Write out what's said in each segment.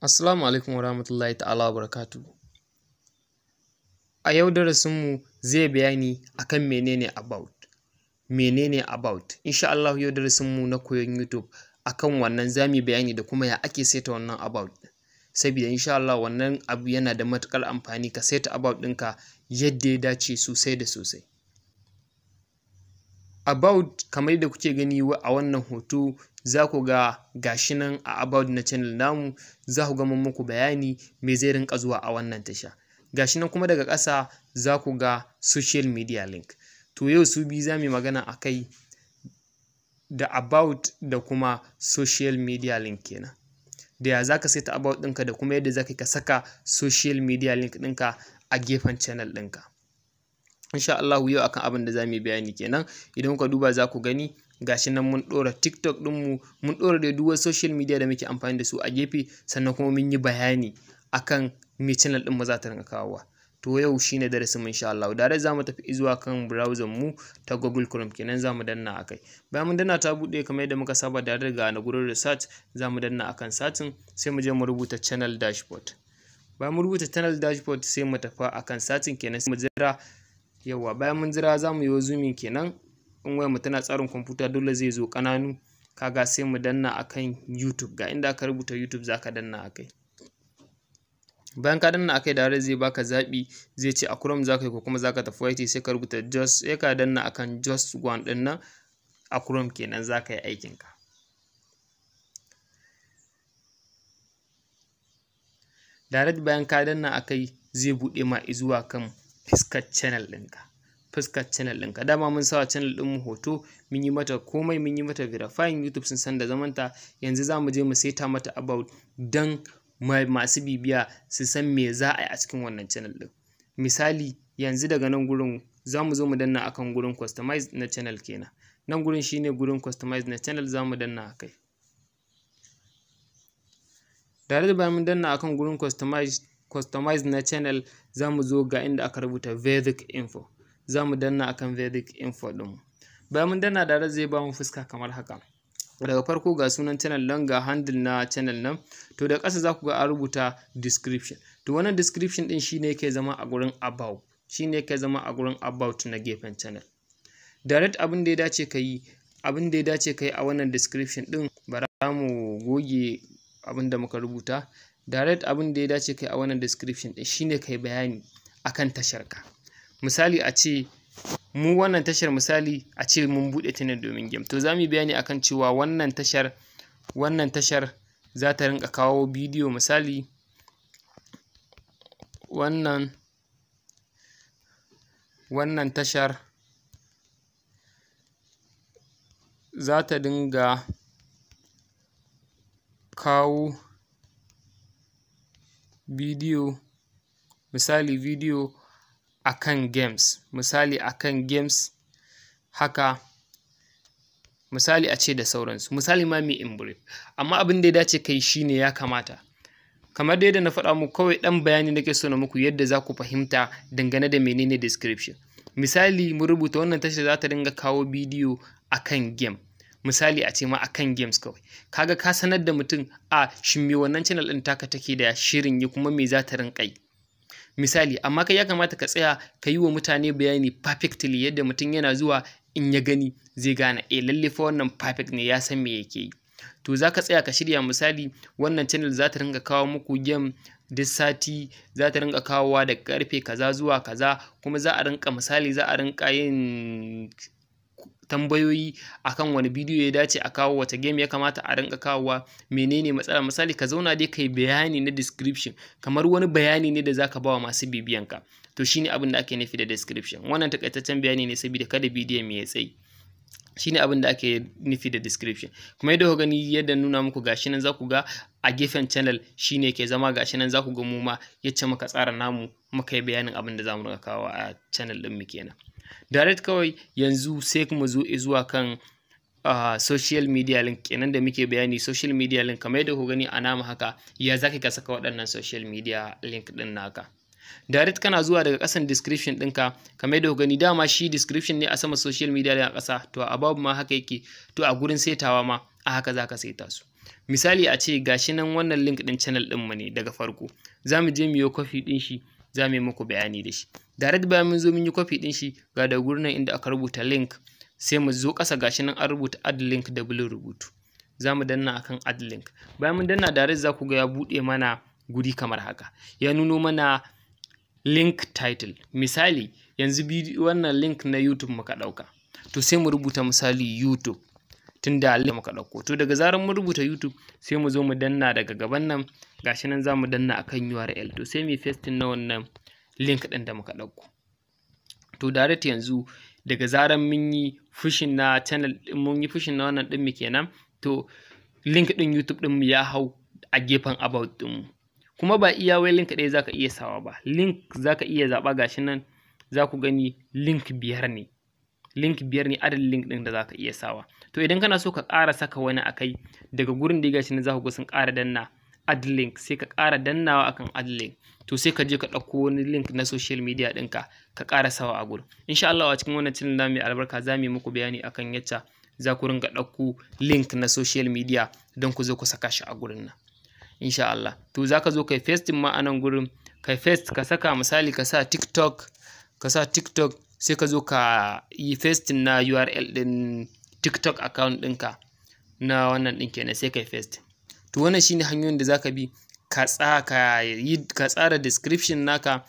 Assalamu alaikum wa rahmatullahi ta'ala wa barakatu. A yau darasinmu zai bayani akan menene about. Menene about. Insha Allah yau darasinmu na koyon YouTube akan wannan zami bayani da kuma ya ake saita wannan about. Saboda insha Allah wannan abu yana da matukar amfani ka saita about ɗinka yadda ya dace sosai da sosai. About kamar da kuke gani a wannan hoto za ku ga gashinan a about na channel namu za ku ga mun muku bayani me zai rinka zuwa a wannan tasha gashinan kuma daga ƙasa za ku ga social media link to yau su biyu za mu magana a kai da about da kuma social media link kenan da ya za ka saita about ɗinka da kuma yadda za ka saka social media link ɗinka a gefen channel ɗinka insha Allah yau akan abin da za mu yi bayani kenan idan kuka duba za ku gani gashi nan mun ɗora tiktok ɗinmu mun ɗora da duk social media da muke amfani da su a gefe sannan kuma mun yi bayani akan me channel ɗin za ta kawowa to yau shine darasin mu insha Allah dare za mu tafi zuwa kan browser mu ta Google Chrome kenan za mu danna akai bayan mun danna ta bude kamar yadda muka saba da daga na gurin research za mu danna akan satin sai mu je mu rubuta channel dashboard bayan mu rubuta channel dashboard sai mu tafi akan satin kenan sai mu jira yawa bayan mun jira za mu yi zooming kenan in wayarmu mu tana tsarin kwamfuta dole zai zo ƙananu kaga sai mu danna akan YouTube ga inda aka rubuta YouTube zaka danna akai bayan ka danna akai dare zai baka zabi zai ce a Chrome zaka yi ko kuma zaka tafi YT sai ka rubuta just sai ka danna akan just one din nan a Chrome kenan zaka yi aikin ka direct bayan ka danna akai zai buɗe ma zuwa kan fiskar channel ɗinka fuskar channel ɗinka dama mun sawa channel ɗin mu hoto mun yi mata komai mun yi mata verifying youtube sun san da zamanta yanzu za mu je mu saita mata about don masu bibiya su san me za a yi a cikin wannan channel ɗin misali yanzu daga nan gurin za mu zo mu danna akan gurin customize na channel kenan nan gurin shine gurin customize na channel za mu danna akai tare da bayan mun danna akan gurin customize customize na channel za mu zo ga inda aka rubuta vedic info za mu danna akan vedic info ɗin bayan mun danna direct zai ba mu fuska kamar haka daga farko ga sunan channel nan ga handle na channel nan to da ƙasa za ku ga a rubuta description to wannan description ɗin shine yake zama a gurin about shine yake zama a gurin about na gefen channel direct abin da ya dace ka yi abin da ya dace ka yi a wannan description ɗin ba za mu goge abin da muka rubuta direct abin da ya dace ka yi a wannan description ɗin shine ka yi bayani akan tasharka misali a ce mu wannan tashar misali a ce mun buɗe ta ne domin game to za mu yi bayani a kan cewa wannan tashar wannan tashar za ta rinƙa kawo bidiyo misali wannan wannan tashar za ta dinga kawo bidiyo misali bidiyo akan games misali akan games haka misali a ce da sauransu misali ma mai in amma abin da ya dace kai shine ya kamata kamar dai da na faɗa muku kawai ɗan bayani nake so na muku yadda za ku fahimta dangane da menene description misali mu rubuta wannan tashar za ta dinga kawo bidiyo akan game misali a ce ma akan games kawai kaga ka sanar da mutum a shin me wannan channel ɗin taka take da shirin yi kuma me za ta rinƙa misali amma kai ya kamata ka tsaya ka yi wa mutane bayani perfectly yadda mutum yana zuwa in ya gani zai gane eh lalle fa wannan perfect ne ya san me yake yi to za ka tsaya ka shirya misali wannan channel za ta ringa kawo muku game duk sati za ta ringa kawowa daga karfe kaza zuwa kaza kuma za a rinka misali za a rinka yin tambayoyi akan wani bidiyo ya dace a kawo wata game ya kamata a rinka kawowa menene matsala misali ka zauna dai kai bayani na description kamar wani bayani ne da zaka bawa masu bibiyanka to shine abin da ake nufi da description wannan takaitaccen bayani ne saboda kada bidiyon ya tsayi shine abin da ake nufi da description kuma yadda ku gani yadda nuna muku gashi nan za ku ga a gefen channel shine ke zama gashi nan za ku ga mu ma yacce muka tsara namu muka yi bayanin abin da zamu mu kawo a channel din mu kenan direct kawai yanzu sai kuma zo zuwa kan uh, social media link kenan da muke bayani social media link kamar yadda ku gani a nama haka ya zaki ka saka waɗannan social media link ɗin naka direct kana zuwa daga ƙasan description ɗinka kamar yadda ku gani dama shi description ne a sama social media a ƙasa to a babu ma haka yake to a gurin saitawa ma a haka za ka saita su misali a ce gashi nan wannan link ɗin channel ɗinmu ne daga farko za mu je mu yi kwafi ɗin shi za mu yi muku bayani da shi direct bayan mun zo mun yi copy din shi ga da gurin inda aka rubuta link sai mu zo ƙasa gashi nan an rubuta add link da blue rubutu za mu danna akan add link bayan mun danna direct za ku ga ya buɗe mana guri kamar haka ya nuno mana link title misali yanzu wannan link na youtube muka ɗauka to sai mu rubuta misali youtube tunda da muka ɗauko to daga zarar mu rubuta youtube sai mu zo mu danna daga gaban nan gashi nan za mu danna akan url to sai mu yi na wannan link ɗin da muka ɗauko to direct yanzu daga zarar mun yi fushin na channel mun yi fushin na wannan ɗin mu kenan to link ɗin youtube ɗin mu ya hau a gefen about ɗin mu kuma ba iya wai link ɗaya zaka iya sawa ba link zaka iya zaɓa gashi nan za ku gani link biyar ne link biyar ne adadin link ɗin da zaka iya sawa to idan kana so ka ƙara saka wani a kai daga gurin da ya gashi na za ku ga sun ƙara danna ad link sai ka ƙara dannawa akan ad link to sai ka je ka ɗauko wani link na social media ɗinka ka ƙara sawa a gurin insha Allah a cikin wannan cin mai albarka za mu yi muku bayani akan yacca za ku ringa ɗauko link na social media don ku zo ku saka shi a gurin nan insha Allah to za ka zo kai pasting ma a nan gurin kai fest ka saka misali ka sa TikTok ka sa TikTok sai ka zo ka yi pasting na URL ɗin tiktok account ɗinka na wannan ɗin kenan sai kai paste to wannan shine hanyoyin da zaka bi ka tsa ka yi ka tsara description naka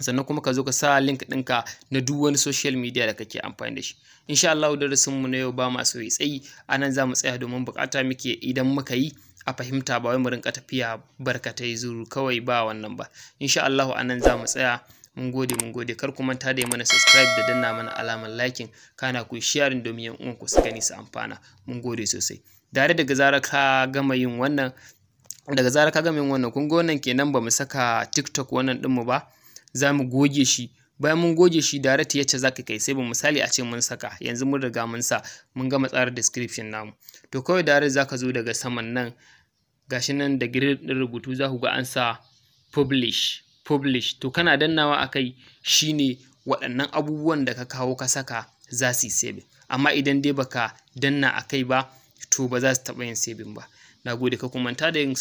sannan kuma ka zo ka sa link ɗinka na duk wani social media da kake amfani da shi insha Allah darasin mu na yau ba masu yi tsayi anan za mu tsaya domin bukata muke idan muka yi a fahimta ba wai mu rinka tafiya barkatai zuru kawai ba wannan ba insha Allah anan za mu tsaya mun gode mun gode kar ku manta da mana subscribe da danna mana alamar liking kana ku sharing domin yan uwanku su gani su amfana mun gode sosai dare daga zarar ka gama yin wannan daga zarar ka gama yin wannan kun ga kenan bamu saka TikTok wannan din mu ba za mu goge shi bayan mun goge shi dare ta yace zaka kai sai ba misali a ce mun saka yanzu mun riga mun sa mun gama tsara description namu to kawai za zaka zo daga saman nan gashi nan da girin rubutu za ku ga an sa publish publish to kana dannawa a kai ne waɗannan abubuwan da ka kawo ka saka za su yi saving amma idan dai baka danna a kai ba to ba za su taɓa yin saving ba na gode ka kumanta da yin